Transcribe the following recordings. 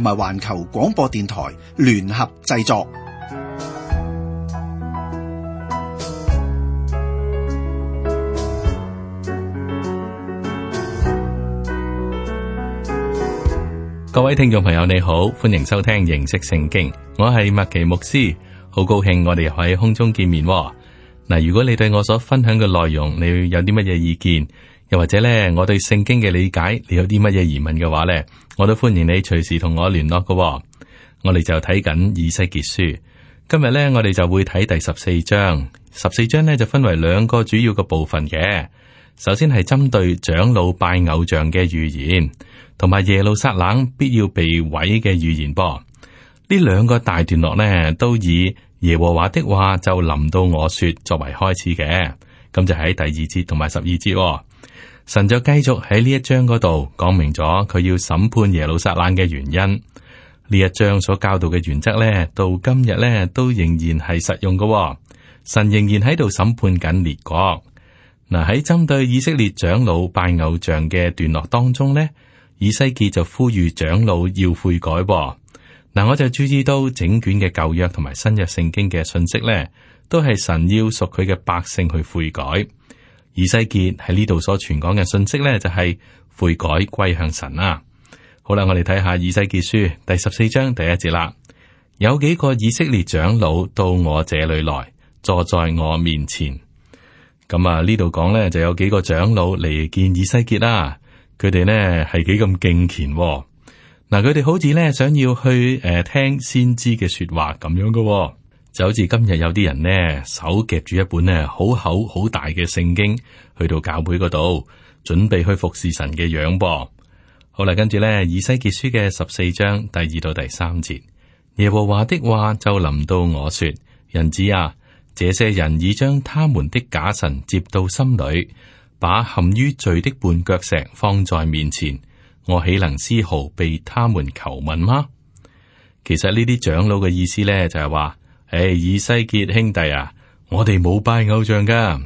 同埋環球廣播電台聯合製作。各位聽眾朋友，你好，歡迎收聽認識聖經。我係麥奇牧師，好高興我哋喺空中見面。嗱，如果你對我所分享嘅內容，你會有啲乜嘢意見？又或者咧，我對聖經嘅理解，你有啲乜嘢疑問嘅話咧，我都歡迎你隨時同我聯絡㗎喎。我哋就睇緊以西結書，今日咧，我哋就會睇第十四章。十四章咧就分為兩個主要嘅部分嘅。首先係針對長老拜偶像嘅預言，同埋耶路撒冷必要被毀嘅預言噃。呢兩個大段落咧，都以耶和華的話就臨到我說作為開始嘅。咁就喺第二節同埋十二節喎。神就繼續喺呢一章嗰度講明咗佢要審判耶路撒冷嘅原因。呢一章所教導嘅原則呢，到今日呢都仍然係實用嘅、哦。神仍然喺度審判緊列國。嗱、啊、喺針對以色列長老拜偶像嘅段落當中呢，以西結就呼籲長老要悔改、哦。嗱、啊，我就注意到整卷嘅舊約同埋新約聖經嘅信息呢，都係神要屬佢嘅百姓去悔改。以西結喺呢度所傳講嘅信息呢，就係悔改歸向神啦。好啦，我哋睇下以西結書第十四章第一節啦。有幾個以色列長老到我這裏來，坐在我面前。咁啊，呢度講呢，就有幾個長老嚟見以西結啦。佢哋呢，係幾咁敬虔、哦，嗱佢哋好似呢，想要去誒、呃、聽先知嘅說話咁樣噶、啊。就好似今日有啲人呢，手夾住一本呢好厚好大嘅聖經，去到教會嗰度準備去服侍神嘅樣噃。好啦，跟住呢以西結書嘅十四章第二到第三節，耶和華的話就臨到我說：人子啊，這些人已將他們的假神接到心裏，把陷於罪的絆腳石放在面前，我豈能絲毫被他們求問嗎？其實呢啲長老嘅意思呢，就係話。誒、哎，以西結兄弟啊，我哋冇拜偶像噶。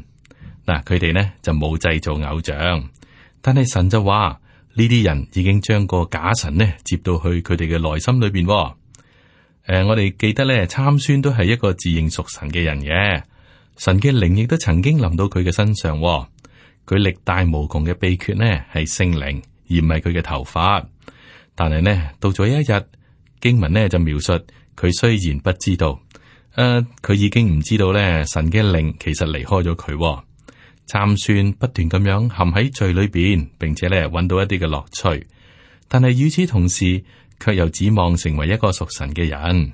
嗱，佢哋咧就冇製造偶像，但係神就話呢啲人已經將個假神咧接到去佢哋嘅內心裏邊。誒、呃，我哋記得咧，參孫都係一個自認屬神嘅人嘅，神嘅靈亦都曾經臨到佢嘅身上。佢力大無窮嘅秘訣咧係聖靈，而唔係佢嘅頭髮。但係咧到咗一日經文咧就描述佢雖然不知道。誒，佢、呃、已經唔知道咧，神嘅靈其實離開咗佢、哦，暫算不斷咁樣陷喺罪裏邊，並且咧揾到一啲嘅樂趣。但係與此同時，卻又指望成為一個屬神嘅人。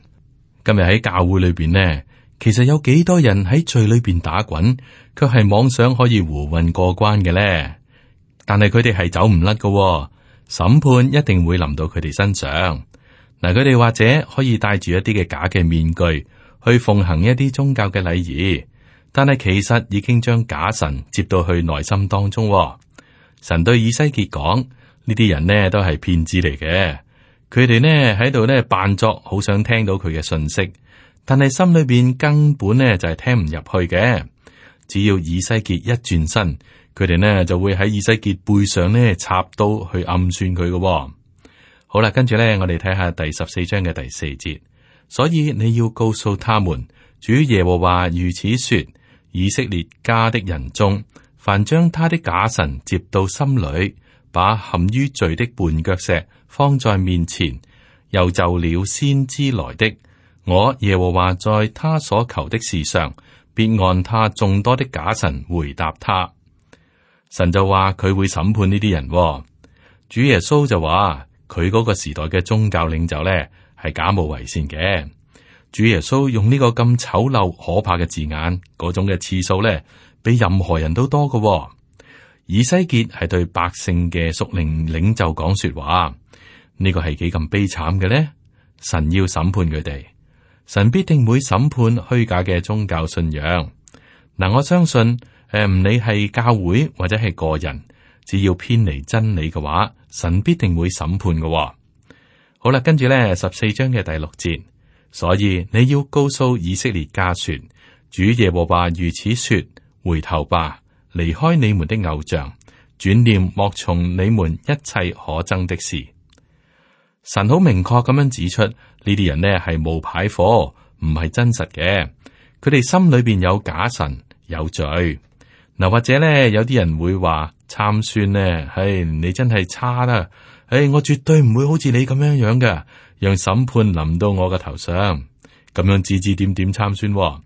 今日喺教會裏邊呢，其實有幾多人喺罪裏邊打滾，卻係妄想可以胡運過關嘅咧。但係佢哋係走唔甩噶，審判一定會臨到佢哋身上。嗱、呃，佢哋或者可以戴住一啲嘅假嘅面具。去奉行一啲宗教嘅禮儀，但係其實已經將假神接到去內心當中、哦。神對以西結講：呢啲人呢都係騙子嚟嘅，佢哋呢喺度咧扮作好想聽到佢嘅信息，但係心裏邊根本呢就係、是、聽唔入去嘅。只要以西結一轉身，佢哋呢就會喺以西結背上呢插刀去暗算佢嘅、哦。好啦，跟住呢，我哋睇下第十四章嘅第四節。所以你要告訴他們，主耶和華如此說：以色列家的人中，凡將他的假神接到心裏，把陷於罪的絆腳石放在面前，又就了先知來的，我耶和華在他所求的事上，必按他眾多的假神回答他。神就話佢會審判呢啲人，哦。主耶穌就話佢嗰個時代嘅宗教領袖咧。係假冒為善嘅。主耶穌用呢個咁醜陋可怕嘅字眼，嗰種嘅次數咧，比任何人都多嘅、哦。以西結係對百姓嘅屬靈領袖講說話，呢、呢個係幾咁悲慘嘅呢？神要審判佢哋，神必定會審判虛假嘅宗教信仰。嗱、呃，我相信誒，唔、呃、理係教會或者係個人，只要偏離真理嘅話，神必定會審判嘅。好啦，跟住咧十四章嘅第六節，所以你要告訴以色列家說：主耶和華如此說，回頭吧，離開你們的偶像，轉念莫從你們一切可憎的事。神好明確咁樣指出呢啲人呢係冒牌貨，唔係真實嘅，佢哋心裏邊有假神，有罪。嗱，或者咧有啲人會話參算呢，唉，哎，你真係差啦。誒、哎，我絕對唔會好似你咁樣樣嘅，讓審判臨到我嘅頭上，咁樣指指點點參選、哦。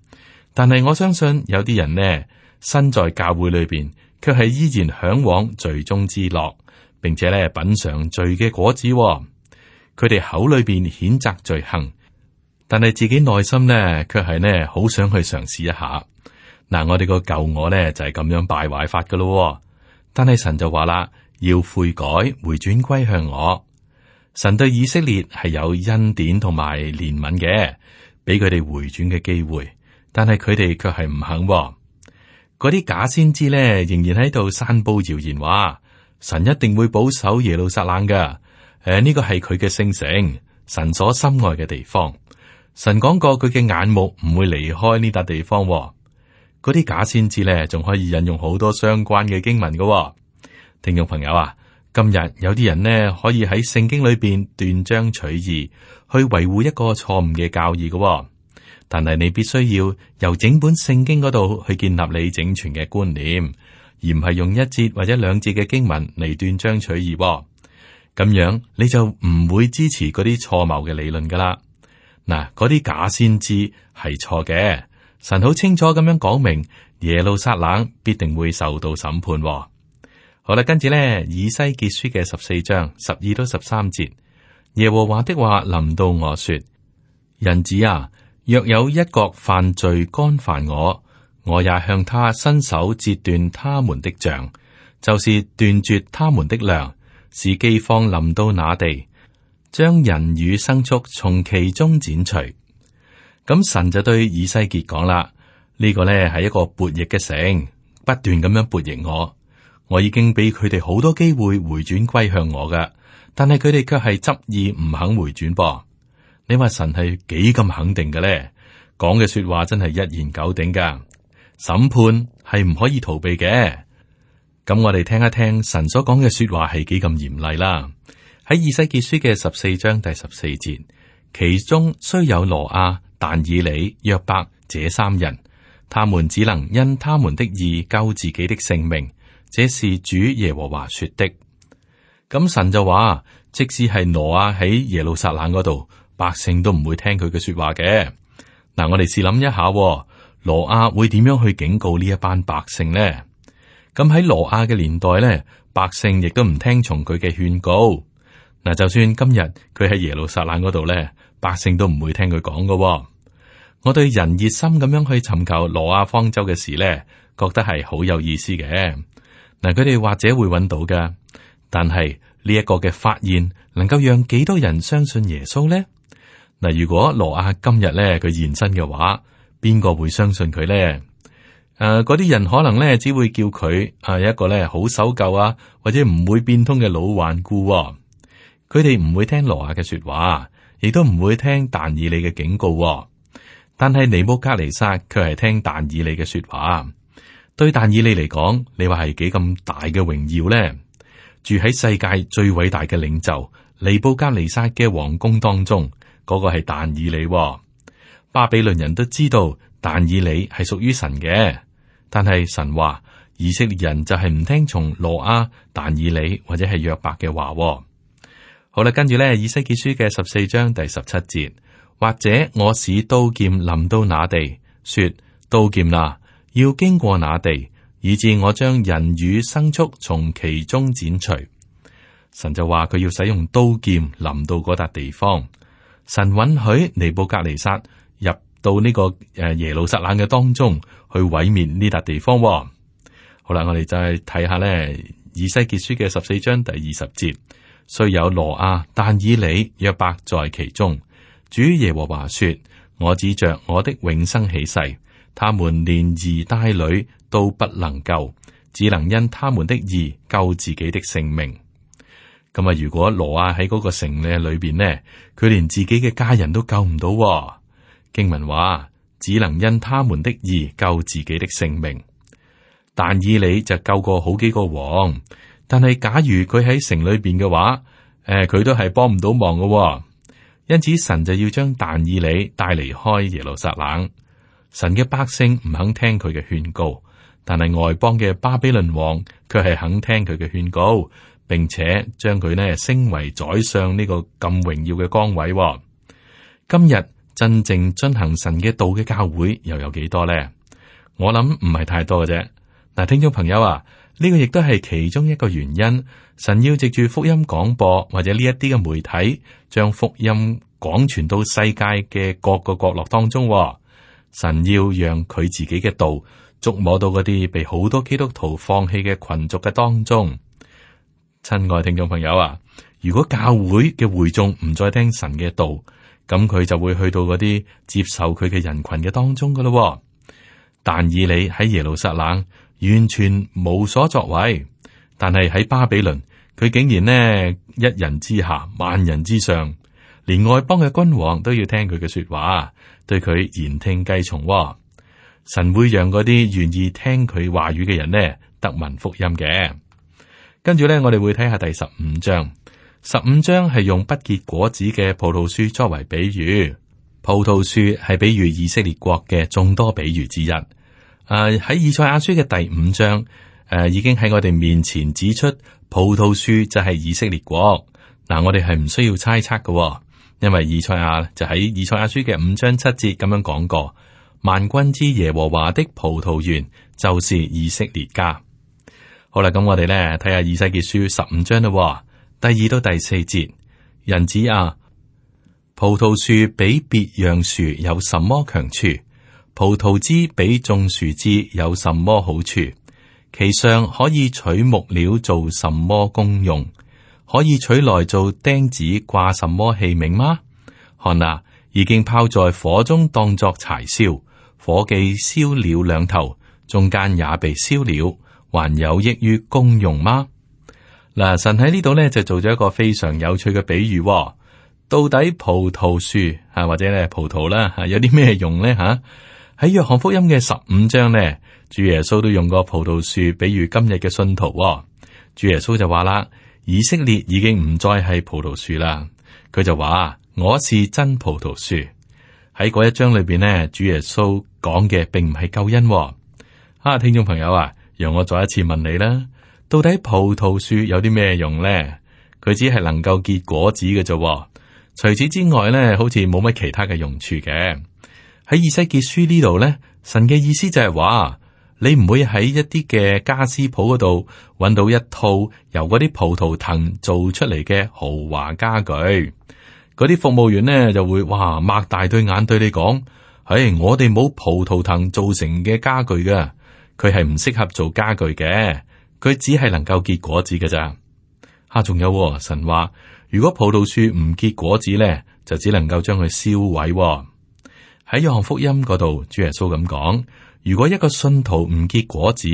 但係我相信有啲人呢，身在教會裏邊，卻係依然向往罪中之樂，並且咧品嘗罪嘅果子、哦。佢哋口裏邊譴責罪行，但係自己內心呢，卻係呢好想去嘗試一下。嗱，我哋個舊我呢就係、是、咁樣敗壞法噶咯。但係神就話啦。要悔改回轉歸向我，神對以色列係有恩典同埋憐憫嘅，俾佢哋回轉嘅機會，但係佢哋卻係唔肯、哦。嗰啲假先知咧，仍然喺度散布謠言話，神一定會保守耶路撒冷噶。誒、呃，呢個係佢嘅聖城，神所心愛嘅地方。神講過佢嘅眼目唔會離開呢笪地方、哦。嗰啲假先知咧，仲可以引用好多相關嘅經文噶、哦。聽眾朋友啊，今日有啲人呢，可以喺聖經裏邊斷章取義，去維護一個錯誤嘅教義嘅喎。但係你必須要由整本聖經嗰度去建立你整全嘅觀念，而唔係用一節或者兩節嘅經文嚟斷章取義喎。咁樣你就唔會支持嗰啲錯謬嘅理論噶啦。嗱，嗰啲假先知係錯嘅，神好清楚咁樣講明，耶路撒冷必定會受到審判喎。好啦，跟住咧，以西結書嘅十四章十二到十三節，耶和華的話臨到我說：人子啊，若有一國犯罪干犯我，我也向他伸手截斷他們的杖，就是斷絕他們的糧，使饑荒臨到那地，將人與牲畜從其中剪除。咁神就對以西結講啦，呢、這個呢係一個悖逆嘅城，不斷咁樣悖逆我。我已經俾佢哋好多機會回轉歸向我嘅，但係佢哋卻係執意唔肯回轉噃。你話神係幾咁肯定嘅咧？講嘅說話真係一言九鼎㗎。審判係唔可以逃避嘅。咁我哋聽一聽神所講嘅說話係幾咁嚴厲啦。喺《以西結書》嘅十四章第十四節，其中雖有羅亞、但以理、約伯這三人，他們只能因他們的義救自己的性命。這是主耶和華說的，咁神就話，即使係羅亞喺耶路撒冷嗰度，百姓都唔會聽佢嘅說話嘅。嗱、嗯，我哋試諗一下，羅亞會點樣去警告呢一班百姓呢？咁、嗯、喺羅亞嘅年代呢，百姓亦都唔聽從佢嘅勸告。嗱、嗯，就算今日佢喺耶路撒冷嗰度呢，百姓都唔會聽佢講㗎。我對人熱心咁樣去尋求羅亞方舟嘅事呢，覺得係好有意思嘅。嗱，佢哋或者會揾到噶，但係呢一個嘅發現能夠讓幾多人相信耶穌呢？嗱，如果挪亞今日咧佢現身嘅話，邊個會相信佢咧？誒、呃，嗰啲人可能咧只會叫佢啊一個咧好守舊啊，或者唔會變通嘅老頑固、啊。佢哋唔會聽挪亞嘅說話，亦都唔會聽但以理嘅警告、啊。但係尼布甲尼撒卻係聽但以理嘅說話。對但以理嚟講，你話係幾咁大嘅榮耀呢？住喺世界最偉大嘅領袖尼布加尼撒嘅皇宮當中，嗰、那個係但以理、哦。巴比倫人都知道但以理係屬於神嘅，但係神話以色列人就係唔聽從羅阿但以理或者係約伯嘅話、哦。好啦，跟住咧，以西結書嘅十四章第十七節，或者我使刀劍臨到那地，說刀劍啦。要經過那地，以致我將人與牲畜從其中剪除。神就話佢要使用刀劍臨到嗰笪地方。神允許尼布格尼沙入到呢個誒耶路撒冷嘅當中去毀滅呢笪地方、哦。好啦，我哋再睇下咧，以西結書嘅十四章第二十節，雖有羅亞但以理約伯在其中。主耶和華說：我指着我的永生起誓。他們連兒帶女都不能救，只能因他們的義救自己的性命。咁啊，如果羅亞喺嗰個城咧裏邊呢，佢連自己嘅家人都救唔到、哦。經文話，只能因他們的義救自己的性命。但以理就救過好幾個王，但係假如佢喺城裏邊嘅話，誒，佢都係幫唔到忙嘅、哦。因此，神就要將但以理帶離開耶路撒冷。神嘅百姓唔肯聽佢嘅勸告，但係外邦嘅巴比倫王卻係肯聽佢嘅勸告，並且將佢咧升為宰相呢個咁榮耀嘅崗位。今日真正進行神嘅道嘅教會又有幾多呢？我諗唔係太多嘅啫。嗱，聽眾朋友啊，呢個亦都係其中一個原因。神要藉住福音廣播或者呢一啲嘅媒體，將福音廣傳到世界嘅各個角落當中。神要讓佢自己嘅道觸摸到嗰啲被好多基督徒放棄嘅群族嘅當中，親愛聽眾朋友啊，如果教會嘅會眾唔再聽神嘅道，咁佢就會去到嗰啲接受佢嘅人群嘅當中噶咯。但以理喺耶路撒冷完全無所作為，但係喺巴比倫，佢竟然呢，一人之下，萬人之上，連外邦嘅君王都要聽佢嘅說話。對佢言聽計從，哦，神會讓嗰啲願意聽佢話語嘅人呢，得聞福音嘅。跟住呢，我哋會睇下第十五章。十五章係用不結果子嘅葡萄樹作為比喻，葡萄樹係比喻以色列國嘅眾多比喻之一。誒、啊、喺以賽亞書嘅第五章，誒、啊、已經喺我哋面前指出，葡萄樹就係以色列國。嗱、啊，我哋係唔需要猜測嘅，哦。因為以賽亞就喺以賽亞書嘅五章七節咁樣講過，萬軍之耶和華的葡萄園就是以色列家。好啦，咁我哋咧睇下以西結書十五章啦，第二到第四節。人子啊，葡萄樹比別樣樹有什麼強處？葡萄枝比種樹枝有什麼好處？其上可以取木料做什麼功用？可以取來做釘子掛什麼器皿嗎？看啊，已經拋在火中當作柴燒，火既燒了兩頭，中間也被燒了，還有益於功用嗎？嗱，神喺呢度咧就做咗一個非常有趣嘅比喻。到底葡萄樹啊或者咧葡萄啦，有啲咩用咧？吓喺約翰福音嘅十五章咧，主耶穌都用過葡萄樹，比如今日嘅信徒。主耶穌就話啦。以色列已經唔再係葡萄樹啦，佢就話：我是真葡萄樹。喺嗰一章裏邊呢，主耶穌講嘅並唔係救恩，哦。啊，聽眾朋友啊，讓我再一次問你啦，到底葡萄樹有啲咩用咧？佢只係能夠結果子嘅啫，除此之外咧，好似冇乜其他嘅用處嘅。喺以西結書呢度咧，神嘅意思就係、是、話。你唔會喺一啲嘅家私鋪嗰度搵到一套由嗰啲葡萄藤做出嚟嘅豪華家具，嗰啲服務員呢就會哇，擘大對眼對你講：唉、哎，我哋冇葡萄藤做成嘅家具㗎，佢係唔適合做家具嘅，佢只係能夠結果子㗎咋。吓、啊，仲有、哦、神話，如果葡萄樹唔結果子咧，就只能夠將佢燒毀喎。喺約翰福音嗰度，主耶穌咁講。如果一個信徒唔結果子，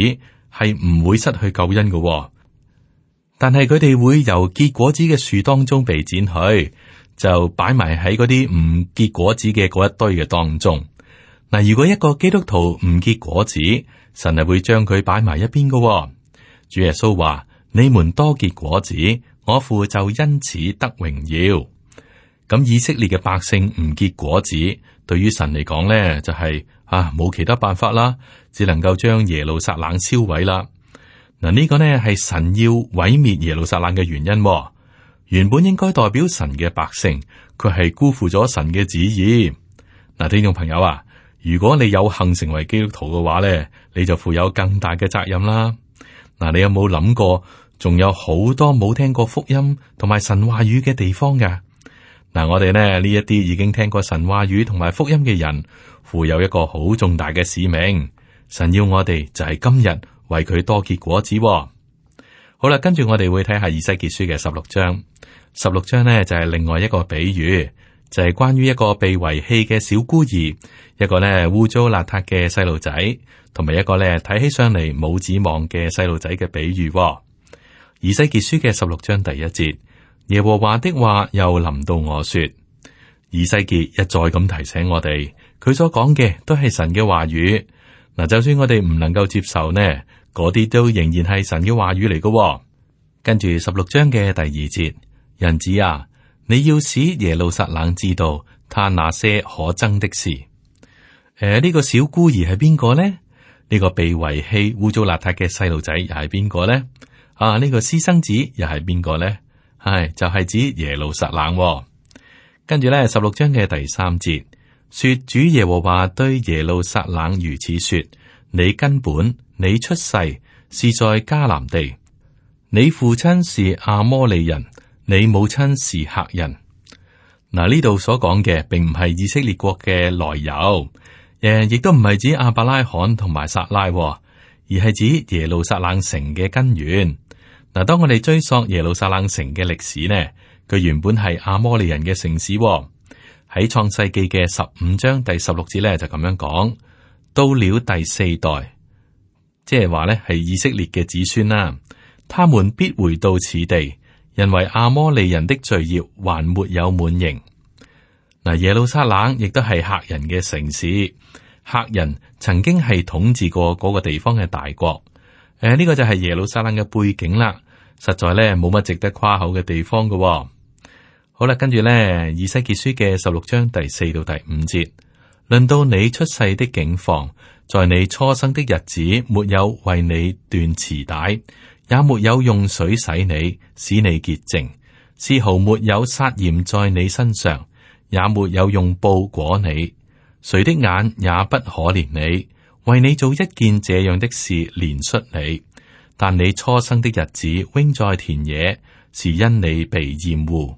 係唔會失去救恩㗎喎，但係佢哋會由結果子嘅樹當中被剪去，就擺埋喺嗰啲唔結果子嘅嗰一堆嘅當中。嗱，如果一個基督徒唔結果子，神係會將佢擺埋一邊㗎喎。主耶穌話：你們多結果子，我父就因此得榮耀。咁以色列嘅百姓唔結果子，對於神嚟講咧，就係啊冇其他辦法啦，只能夠將耶路撒冷燒毀啦。嗱，呢個呢係神要毀滅耶路撒冷嘅原因。原本應該代表神嘅百姓，佢係辜負咗神嘅旨意。嗱，聽眾朋友啊，如果你有幸成為基督徒嘅話咧，你就負有更大嘅責任啦。嗱，你有冇諗過，仲有好多冇聽過福音同埋神話語嘅地方㗎？嗱，我哋呢呢一啲已經聽過神話語同埋福音嘅人，負有一個好重大嘅使命。神要我哋就係今日為佢多結果子哦。好啦，跟住我哋會睇下以西結書嘅十六章。十六章呢就係另外一個比喻，就係關於一個被遺棄嘅小孤兒，一個呢污糟邋遢嘅細路仔，同埋一個呢睇起上嚟冇指望嘅細路仔嘅比喻。以西結書嘅十六章第一節。耶和華的話又臨到我說，以西結一再咁提醒我哋，佢所講嘅都係神嘅話語嗱。就算我哋唔能夠接受呢，嗰啲都仍然係神嘅話語嚟㗎。跟住十六章嘅第二節，人子啊，你要使耶路撒冷知道他那些可憎的事。誒、呃、呢、這個小孤兒係邊個呢？呢、這個被遺棄、污糟邋遢嘅細路仔又係邊個呢？啊，呢、這個私生子又係邊個呢？係、哎、就係、是、指耶路撒冷、哦。跟住咧，十六章嘅第三節，說主耶和華對耶路撒冷如此說：你根本你出世是在迦南地，你父親是亞摩利人，你母親是客人。嗱，呢度所講嘅並唔係以色列國嘅來由，誒亦都唔係指亞伯拉罕同埋撒拉、哦，而係指耶路撒冷城嘅根源。嗱，當我哋追溯耶路撒冷城嘅歷史呢，佢原本係阿摩利人嘅城市。喺創世紀嘅十五章第十六節咧就咁樣講，到了第四代，即係話咧係以色列嘅子孫啦，他們必回到此地，因為阿摩利人的罪孽還沒有滿盈。嗱，耶路撒冷亦都係赫人嘅城市，赫人曾經係統治過嗰個地方嘅大國。誒、呢、呃，這個就係耶路撒冷嘅背景啦，實在咧冇乜值得誇口嘅地方嘅，哦。好啦，跟住咧，以西結書嘅十六章第四到第五節，論到你出世的境況，在你初生的日子，沒有為你斷臍帶，也沒有用水洗你，使你潔淨，絲毫沒有撒鹽在你身上，也沒有用布裹你，誰的眼也不可憐你。為你做一件這樣的事，憐恤你，但你初生的日子扔在田野，是因你被厭惡。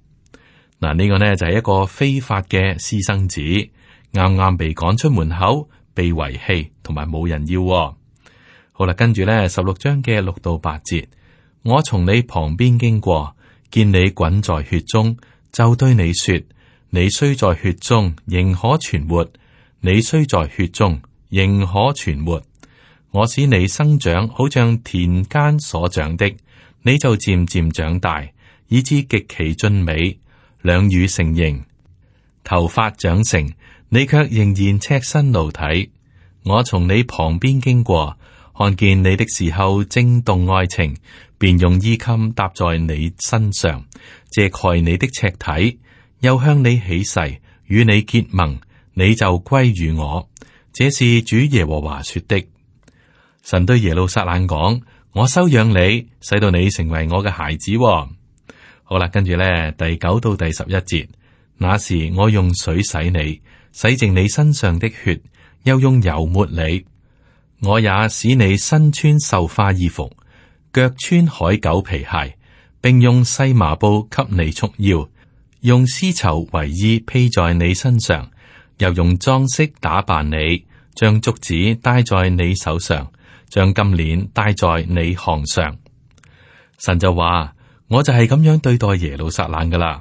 嗱，呢個呢就係、是、一個非法嘅私生子，啱啱被趕出門口，被遺棄，同埋冇人要。好啦，跟住呢十六章嘅六到八節，我從你旁邊經過，見你滾在血中，就對你說：你雖在血中仍可存活，你雖在血中。仍可存活。我使你生長，好像田間所長的，你就漸漸長大，以致極其俊美，兩乳成形，頭髮長成。你卻仍然赤身露體。我從你旁邊經過，看見你的時候，驚動愛情，便用衣襟搭在你身上，遮蓋你的赤體，又向你起誓，與你結盟，你就歸於我。這是主耶和華說的，神對耶路撒冷講：我收養你，使到你成為我嘅孩子，哦。好啦，跟住咧，第九到第十一節，那時我用水洗你，洗淨你身上的血，又用油抹你。我也使你身穿繡花衣服，腳穿海狗皮鞋，並用細麻布給你束腰，用絲綢圍衣披在你身上。又用裝飾打扮你，將竹子戴在你手上，將金鏈戴在你項上。神就話：我就係咁樣對待耶路撒冷噶啦。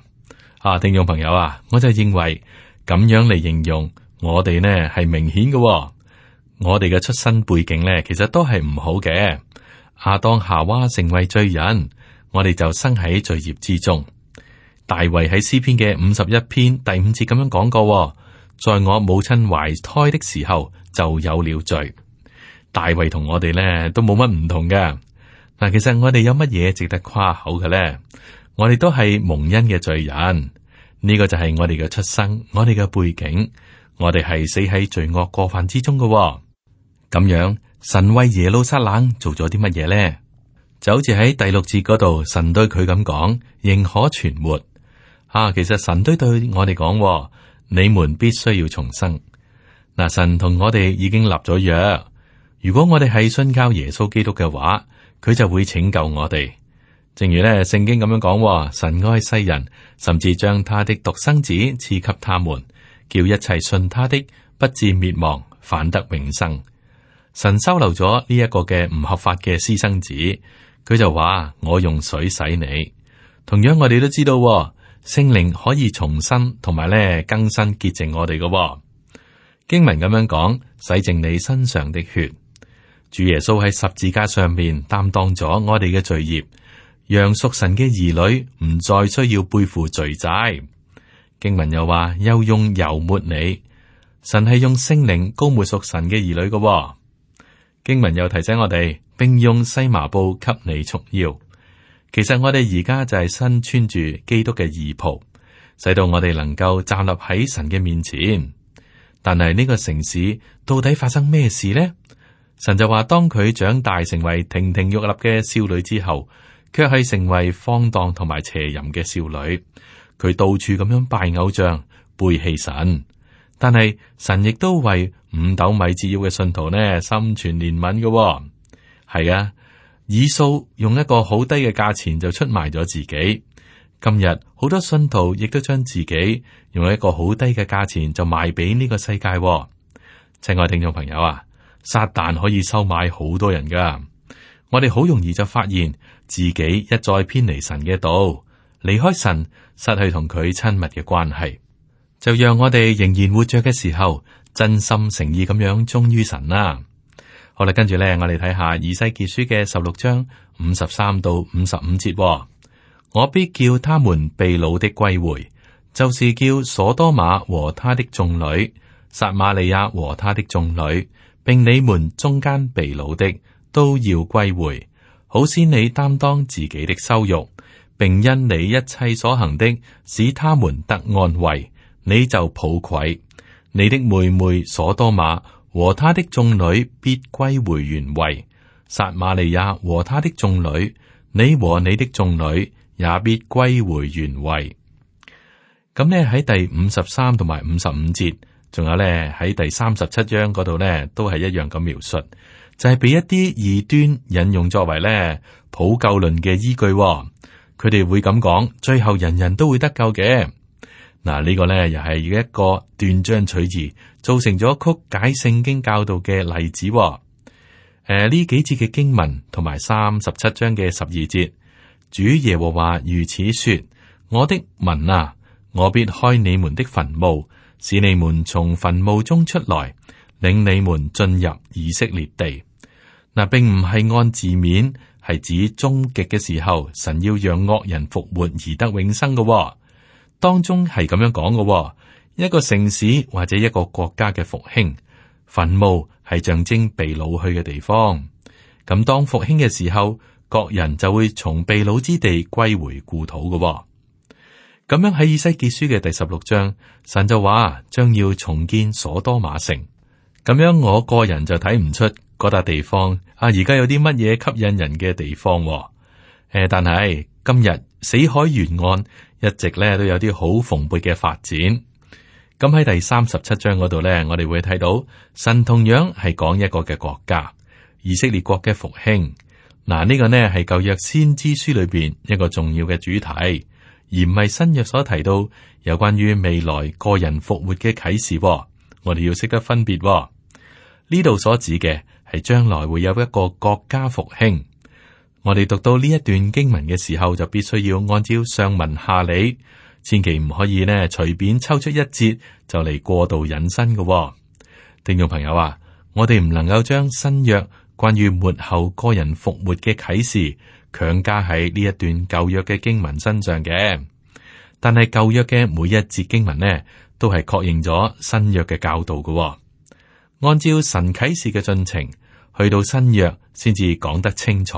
啊，聽眾朋友啊，我就認為咁樣嚟形容我哋呢，係明顯嘅、哦。我哋嘅出身背景呢，其實都係唔好嘅。亞、啊、當夏娃成為罪人，我哋就生喺罪孽之中。大衛喺詩篇嘅五十一篇第五節咁樣講過、哦。在我母親懷胎的時候就有了罪。大衛同我哋咧都冇乜唔同嘅。嗱，其實我哋有乜嘢值得誇口嘅咧？我哋都係蒙恩嘅罪人，呢、這個就係我哋嘅出生，我哋嘅背景，我哋係死喺罪惡過犯之中嘅、哦。咁樣，神為耶路撒冷做咗啲乜嘢咧？就好似喺第六節嗰度，神對佢咁講，仍可存活。啊，其實神都對我哋講。你們必須要重生。嗱，神同我哋已經立咗約，如果我哋係信教耶穌基督嘅話，佢就會拯救我哋。正如咧，聖經咁樣講，神愛世人，甚至將他的獨生子賜給他們，叫一切信他的不至滅亡，反得永生。神收留咗呢一個嘅唔合法嘅私生子，佢就話：我用水洗你。同樣，我哋都知道。聖靈可以重新同埋咧更新潔淨我哋嘅、哦、經文咁樣講，洗淨你身上的血。主耶穌喺十字架上面擔當咗我哋嘅罪孽，讓屬神嘅兒女唔再需要背負罪債。經文又話，又用油抹你。神係用聖靈膏抹屬神嘅兒女嘅、哦、經文又提醒我哋，並用細麻布給你束腰。其實我哋而家就係身穿住基督嘅衣袍，使到我哋能夠站立喺神嘅面前。但係呢個城市到底發生咩事呢？神就話：當佢長大成為亭亭玉立嘅少女之後，卻係成為荒蕩同埋邪淫嘅少女。佢到處咁樣拜偶像、背棄神。但係神亦都為五斗米折腰嘅信徒呢，心存憐憫嘅、哦。係啊。以掃用一個好低嘅價錢就出賣咗自己，今日好多信徒亦都將自己用一個好低嘅價錢就賣俾呢個世界、哦。親愛聽眾朋友啊，撒但可以收買好多人噶，我哋好容易就發現自己一再偏離神嘅道，離開神，失去同佢親密嘅關係。就讓我哋仍然活着嘅時候，真心誠意咁樣忠於神啦。好啦，跟住咧，我哋睇下《以西結書》哦嘅十六章五十三到五十五節。我必叫他們被擄的歸回，就是叫所多瑪和他的眾女、撒瑪利亞和他的眾女，並你們中間被擄的都要歸回。好使，你擔當自己的羞辱，並因你一切所行的，使他們得安慰，你就抱愧。你的妹妹所多瑪。和他的眾女必歸回原位，撒瑪利亞和他的眾女，你和你的眾女也必歸回原位。咁呢，喺、嗯、第五十三同埋五十五節，仲有呢，喺第三十七章嗰度呢，都係一樣咁描述，就係、是、俾一啲異端引用作為呢普救論嘅依據。佢哋會咁講，最後人人都會得救嘅。嗱，呢個咧，又係一個斷章取義，造成咗曲解聖經教導嘅例子，哦。誒、呃，呢幾節嘅經文同埋三十七章嘅十二節，主耶和華如此說：我的民啊，我必開你們的墳墓，使你們從墳墓中出來，領你們進入以色列地。嗱，呃，並唔係按字面，係指終極嘅時候，神要讓惡人復活而得永生嘅，哦。當中係咁樣講嘅，一個城市或者一個國家嘅復興，墳墓係象徵被擄去嘅地方。咁當復興嘅時候，各人就會從被擄之地歸回故土嘅。咁樣喺以西結書嘅第十六章，神就話將要重建所多瑪城。咁樣我個人就睇唔出嗰笪地方啊，而家有啲乜嘢吸引人嘅地方？誒，但係今日死海沿岸，一直咧都有啲好蓬勃嘅發展，咁喺第三十七章嗰度呢，我哋會睇到神同樣係講一個嘅國家，以色列國嘅復興。嗱、啊、呢、呢個呢係舊約先知書裏邊一個重要嘅主題，而唔係新約所提到有關於未來個人復活嘅啟示、哦。我哋要識得分別、哦，呢度所指嘅係將來會有一個國家復興。我哋讀到呢一段經文嘅時候，就必須要按照上文下理，千祈唔可以咧隨便抽出一節就嚟過度引申㗎，哦。嘅聽眾朋友啊，我哋唔能夠將新約關於末後個人復活嘅啟示強加喺呢一段舊約嘅經文身上嘅。但係舊約嘅每一節經文呢，都係確認咗新約嘅教導嘅，哦。按照神啟示嘅進程，去到新約先至講得清楚，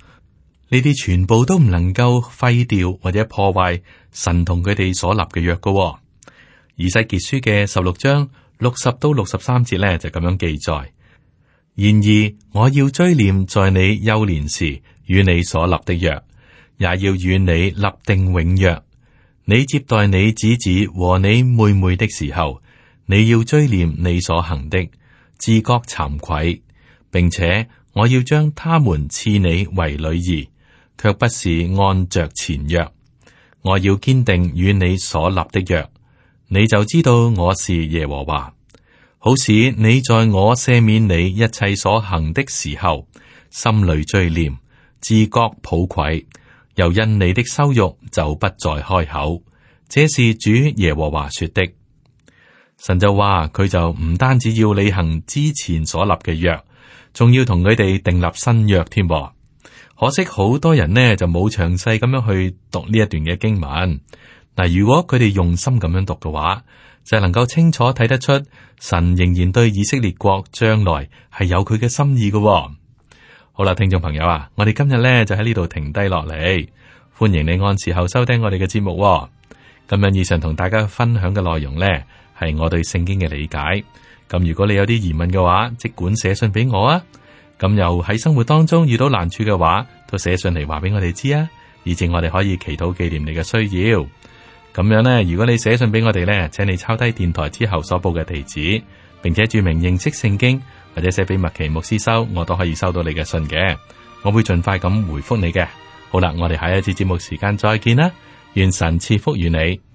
你哋全部都唔能夠廢掉或者破壞神同佢哋所立嘅約㗎、哦。而《以西結書》嘅十六章六十到六十三節呢，就咁樣記載。然而我要追念在你幼年時與你所立的約，也要與你立定永約。你接待你姊姊和你妹妹的時候，你要追念你所行的，自覺慚愧，並且我要將他們賜你為女兒。卻不是按着前約，我要堅定與你所立的約，你就知道我是耶和華。好使你在我赦免你一切所行的時候，心裏追念，自覺抱愧，又因你的羞辱就不再開口。這是主耶和華說的。神就話佢就唔單止要履行之前所立嘅約，仲要同佢哋訂立新約添喎。可惜好多人呢就冇詳細咁樣去讀呢一段嘅經文。嗱，如果佢哋用心咁樣讀嘅話，就係能夠清楚睇得出神仍然對以色列國將來係有佢嘅心意嘅喎。好啦，聽眾朋友啊，我哋今日咧就喺呢度停低落嚟，歡迎你按時候收聽我哋嘅節目喎。今日以上同大家分享嘅內容呢，係我對聖經嘅理解。咁如果你有啲疑問嘅話，即管寫信俾我啊。咁又喺生活當中遇到難處嘅話，都寫信嚟，話俾我哋知啊，以致我哋可以祈禱紀念你嘅需要。咁樣呢，如果你寫信俾我哋呢，請你抄低電台之後所報嘅地址，並且註明認識聖經，或者寫俾麥奇牧師收，我都可以收到你嘅信嘅。我會盡快咁回覆你嘅。好啦，我哋下一次節目時間再見啦，願神賜福於你。